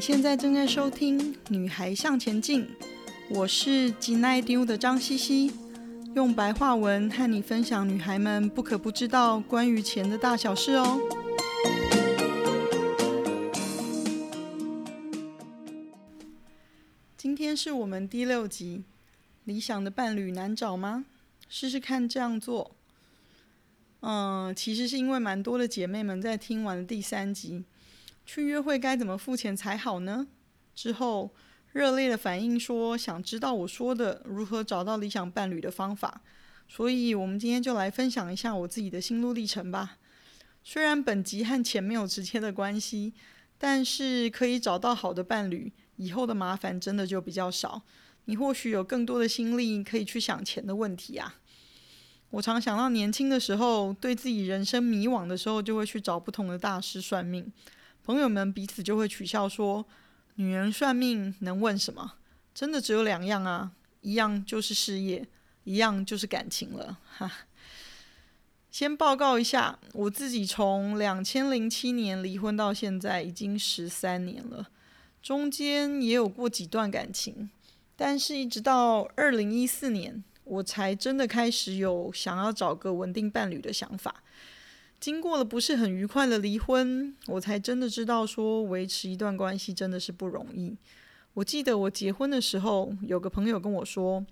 現在正在收聽《女孩向前進》，我是金奈 d u 的張茜茜，用白話文和你分享女孩們不可不知道關於錢的大小事哦。今天是我們第六集，《理想的伴侶難找嗎？》試試看這樣做。嗯，其實是因為蠻多的姐妹們在聽完第三集。去約會該怎麼付錢才好呢？之後熱烈的反應說，想知道我說的如何找到理想伴侶的方法。所以，我們今天就來分享一下我自己的心路歷程吧。雖然本集和錢沒有直接的關係，但是可以找到好的伴侶，以後的麻煩真的就比較少。你或許有更多的心力可以去想錢的問題啊。我常想到年輕的時候，對自己人生迷惘的時候，就會去找不同的大師算命。朋友們彼此就會取笑說：“女人算命能問什麼？真的只有兩樣啊，一樣就是事業，一樣就是感情了。”哈，先報告一下，我自己從兩千零七年離婚到現在已經十三年了，中間也有過幾段感情，但是一直到二零一四年，我才真的開始有想要找個穩定伴侶的想法。經過了不是很愉快的離婚，我才真的知道，說維持一段關係真的是不容易。我記得我結婚的時候，有個朋友跟我說：“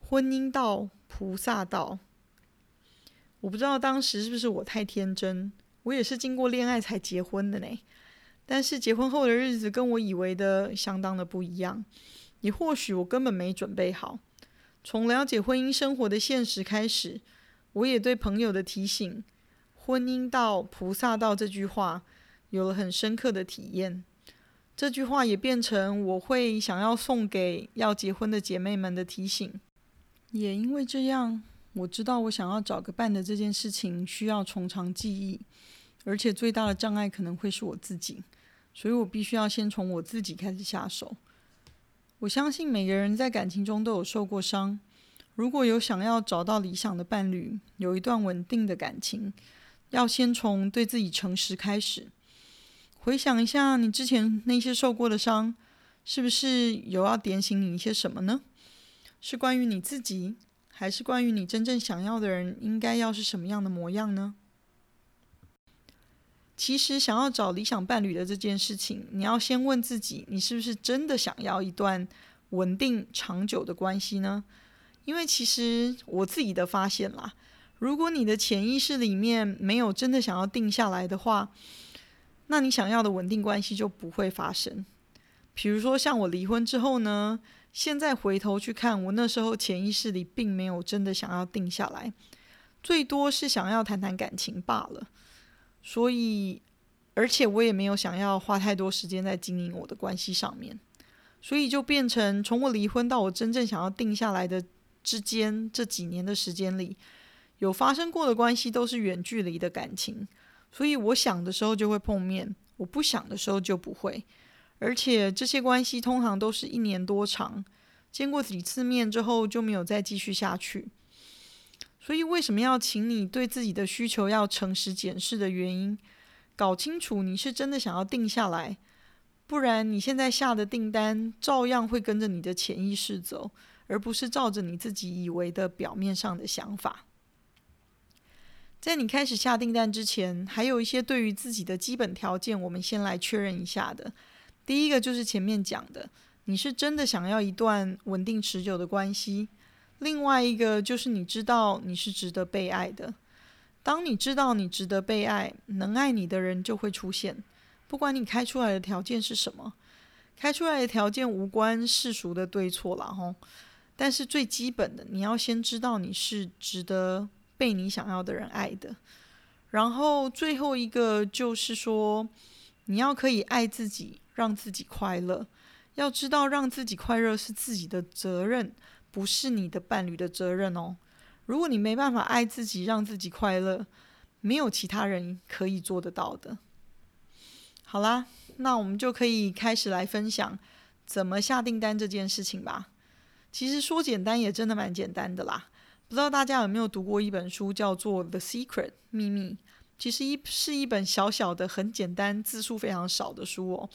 婚姻道，菩薩道。”我不知道當時是不是我太天真，我也是經過戀愛才結婚的呢。但是結婚後的日子跟我以為的相當的不一樣。也或許我根本沒準備好。從了解婚姻生活的現實開始，我也對朋友的提醒。婚姻道、菩薩道這句話有了很深刻的體驗，這句話也變成我會想要送給要結婚的姐妹們的提醒。也因為這樣，我知道我想要找個伴的這件事情需要從長計議，而且最大的障礙可能會是我自己，所以我必須要先從我自己開始下手。我相信每個人在感情中都有受過傷，如果有想要找到理想的伴侶，有一段穩定的感情。要先從對自己誠實開始，回想一下你之前那些受過的傷，是不是有要點醒你一些什麼呢？是關於你自己，還是關於你真正想要的人應該要是什麼樣的模樣呢？其實想要找理想伴侶的這件事情，你要先問自己，你是不是真的想要一段穩定長久的關係呢？因為其實我自己的發現啦。如果你的潛意識裡面沒有真的想要定下來的話，那你想要的穩定關係就不會發生。比如說，像我離婚之後呢，現在回頭去看，我那時候潛意識裡並沒有真的想要定下來，最多是想要談談感情罷了。所以，而且我也沒有想要花太多時間在經營我的關係上面，所以就變成從我離婚到我真正想要定下來的之間，這幾年的時間裡。有發生過的關係都是遠距離的感情，所以我想的時候就會碰面，我不想的時候就不會。而且這些關係通常都是一年多長，見過幾次面之後就沒有再繼續下去。所以為什麼要請你對自己的需求要誠實檢視的原因，搞清楚你是真的想要定下來，不然你現在下的訂單照樣會跟着你的潛意識走，而不是照着你自己以為的表面上的想法。在你開始下訂單之前，還有一些對於自己的基本條件，我們先來確認一下的。第一個就是前面講的，你是真的想要一段穩定持久的關係；另外一個就是你知道你是值得被愛的。當你知道你值得被愛，能愛你的人就會出現。不管你開出來的條件是什麼，開出來的條件無關世俗的對錯了哈。但是最基本的，你要先知道你是值得，被你想要的人愛的，然後最後一個就是說，你要可以愛自己，讓自己快樂。要知道，讓自己快樂是自己的責任，不是你的伴侶的責任哦。如果你沒辦法愛自己，讓自己快樂，沒有其他人可以做得到的。好啦，那我們就可以開始來分享怎麼下訂單這件事情吧。其實說簡單也真的蠻簡單的啦。不知道大家有沒有讀過一本書，叫做《The Secret》秘密，其實一是一本小小的、很簡單、字數非常少的書哦。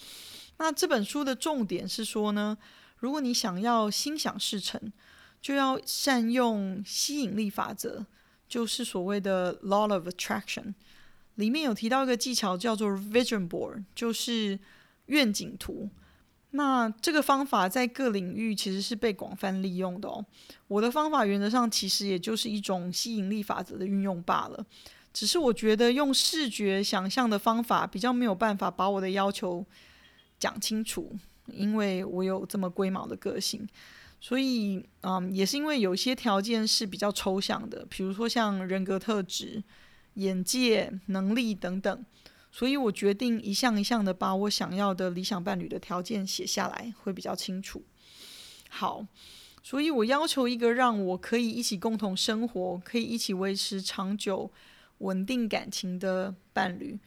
那這本書的重點是說呢，如果你想要心想事成，就要善用吸引力法則，就是所謂的 Law of Attraction。裡面有提到一個技巧，叫做 Vision Board，就是願景圖。那這個方法在各領域其實是被廣泛利用的哦。我的方法原則上其實也就是一種吸引力法則的運用罷了，只是我覺得用視覺想象的方法比較沒有辦法把我的要求講清楚，因為我有這麼龜毛的個性，所以嗯，也是因為有些條件是比較抽象的，比如說像人格特質、眼界、能力等等。所以我決定一項一項的把我想要的理想伴侶的條件寫下來，會比較清楚。好，所以我要求一個讓我可以一起共同生活，可以一起維持長久穩定感情的伴侶。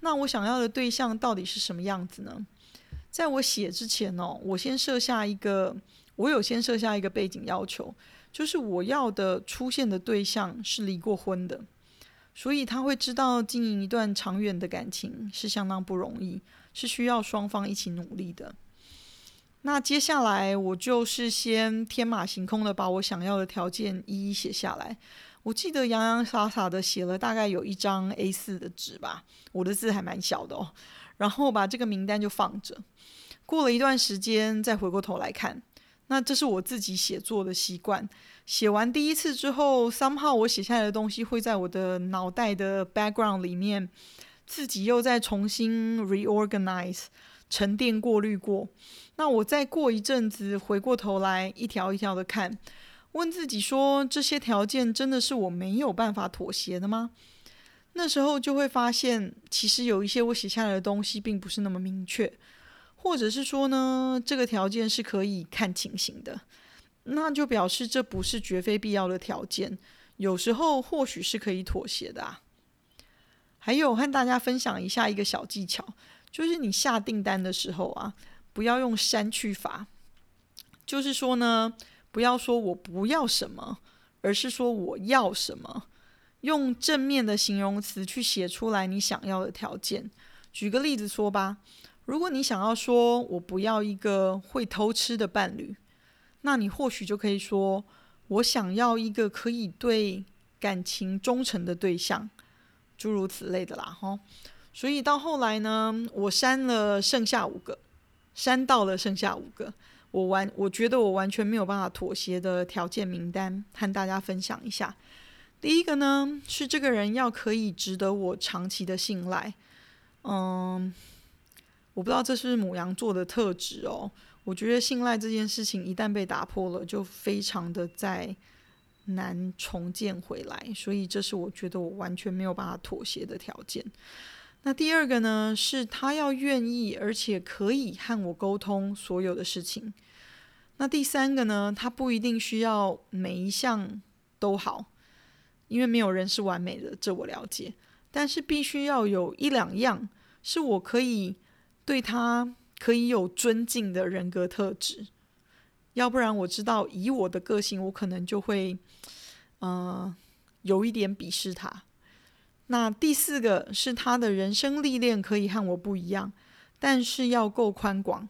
那我想要的對象到底是什麼樣子呢？在我寫之前哦，我先設下一個，我有先設下一個背景要求，就是我要的出現的對象是離過婚的。所以他會知道經營一段長遠的感情是相當不容易，是需要雙方一起努力的。那接下來我就是先天馬行空的把我想要的條件一一寫下來。我記得洋洋灑灑的寫了大概有一張 A4 的紙吧，我的字還蠻小的哦。然後把這個名單就放着，過了一段時間再回過頭來看。那這是我自己寫作的習慣。寫完第一次之後，somehow 我寫下來的東西會在我的腦袋的 background 裡面，自己又再重新 reorganize、沉澱、過濾過。那我再過一陣子回過頭來，一條一條的看，問自己說：這些條件真的是我沒有辦法妥協的嗎？那時候就會發現，其實有一些我寫下來的東西並不是那麼明確，或者是說呢，這個條件是可以看情形的。那就表示這不是絕非必要的條件，有時候或許是可以妥協的啊。還有和大家分享一下一個小技巧，就是你下訂單的時候啊，不要用刪去法，就是說呢，不要說我不要什麼，而是說我要什麼，用正面的形容詞去寫出來你想要的條件。舉個例子說吧，如果你想要說我不要一個會偷吃的伴侶。那你或許就可以說，我想要一個可以對感情忠誠的對象，諸如此類的啦，哈。所以到後來呢，我刪了剩下五個，刪到了剩下五個，我完，我覺得我完全沒有辦法妥協的條件名單，和大家分享一下。第一個呢，是這個人要可以值得我長期的信賴，嗯，我不知道這是牡羊座的特質哦、喔。我覺得信賴這件事情一旦被打破了，就非常的再難重建回來，所以這是我覺得我完全沒有辦法妥協的條件。那第二個呢，是他要願意而且可以和我溝通所有的事情。那第三個呢，他不一定需要每一項都好，因為沒有人是完美的，這我了解。但是必須要有一兩樣是我可以對他。可以有尊敬的人格特質，要不然我知道以我的個性，我可能就會，呃，有一點鄙視他。那第四個是他的人生歷練可以和我不一樣，但是要夠寬廣，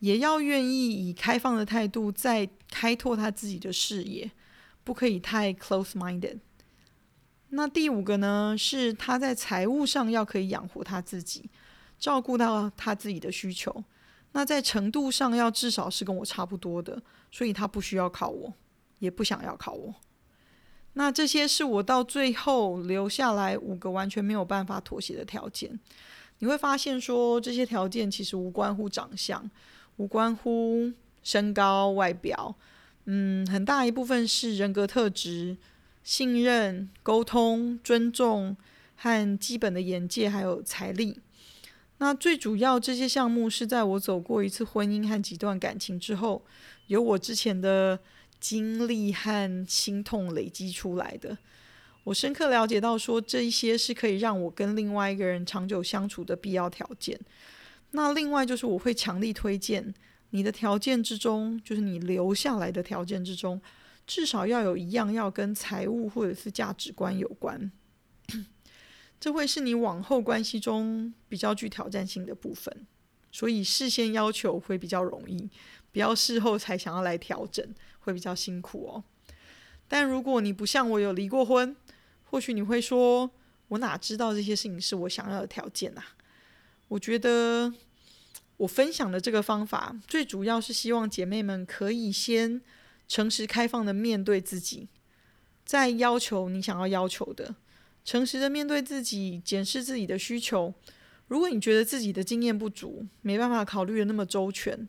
也要願意以開放的態度再開拓他自己的視野，不可以太 close-minded。那第五個呢，是他在財務上要可以養活他自己。照顧到他自己的需求，那在程度上要至少是跟我差不多的，所以他不需要靠我，也不想要靠我。那這些是我到最後留下來五個完全沒有辦法妥協的條件。你會發現說，說這些條件其實無關乎長相，無關乎身高、外表，嗯，很大一部分是人格特質、信任、溝通、尊重和基本的眼界，還有財力。那最主要，這些項目是在我走過一次婚姻和幾段感情之後，由我之前的經歷和心痛累積出來的。我深刻了解到，說這一些是可以讓我跟另外一個人長久相處的必要條件。那另外就是，我會強力推薦你的條件之中，就是你留下來的條件之中，至少要有一樣要跟財務或者是價值觀有關。 這會是你往後關係中比較具挑戰性的部分，所以事先要求會比較容易，不要事後才想要來調整，會比較辛苦哦。但如果你不像我有離過婚，或許你會說，我哪知道這些事情是我想要的條件啊。我覺得我分享的這個方法，最主要是希望姐妹們可以先誠實開放的面對自己，再要求你想要要求的。誠實的面對自己，檢視自己的需求。如果你覺得自己的經驗不足，沒辦法考慮得那麼周全，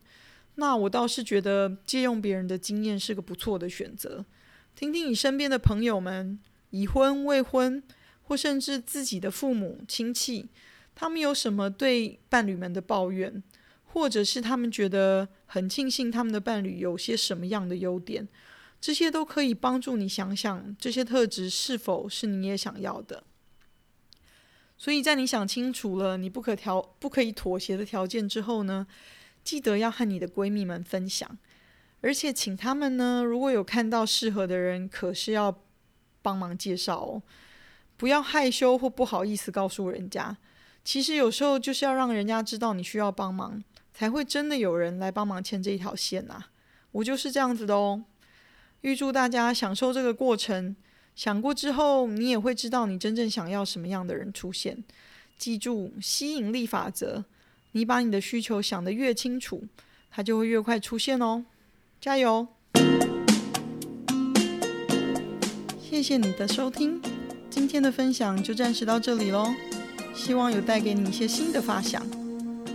那我倒是覺得借用別人的經驗是個不錯的選擇。聽聽你身邊的朋友們，已婚、未婚，或甚至自己的父母親戚，他們有什麼對伴侶們的抱怨，或者是他們覺得很慶幸他們的伴侶有些什麼樣的優點。這些都可以幫助你想想，這些特質是否是你也想要的。所以在你想清楚了你不可調、不可以妥協的條件之後呢，記得要和你的閨蜜們分享，而且請她們呢，如果有看到適合的人，可是要幫忙介紹哦，不要害羞或不好意思告訴人家。其實有時候就是要讓人家知道你需要幫忙，才會真的有人來幫忙牽這一條線吶、啊。我就是這樣子的哦。預祝大家享受這個過程。想過之後，你也會知道你真正想要什麼樣的人出現。記住吸引力法則，你把你的需求想得越清楚，它就會越快出現哦。加油！謝謝你的收聽，今天的分享就暫時到這裡嘍。希望有帶給你一些新的發想。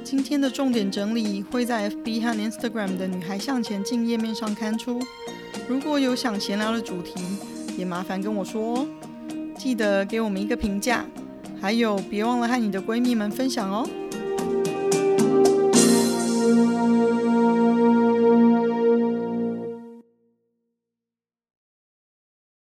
今天的重點整理會在 FB 和 Instagram 的女孩向前進頁面上刊出。如果有想閒聊的主題，也麻煩跟我說哦。記得給我們一個評價，還有別忘了和你的閨蜜們分享哦。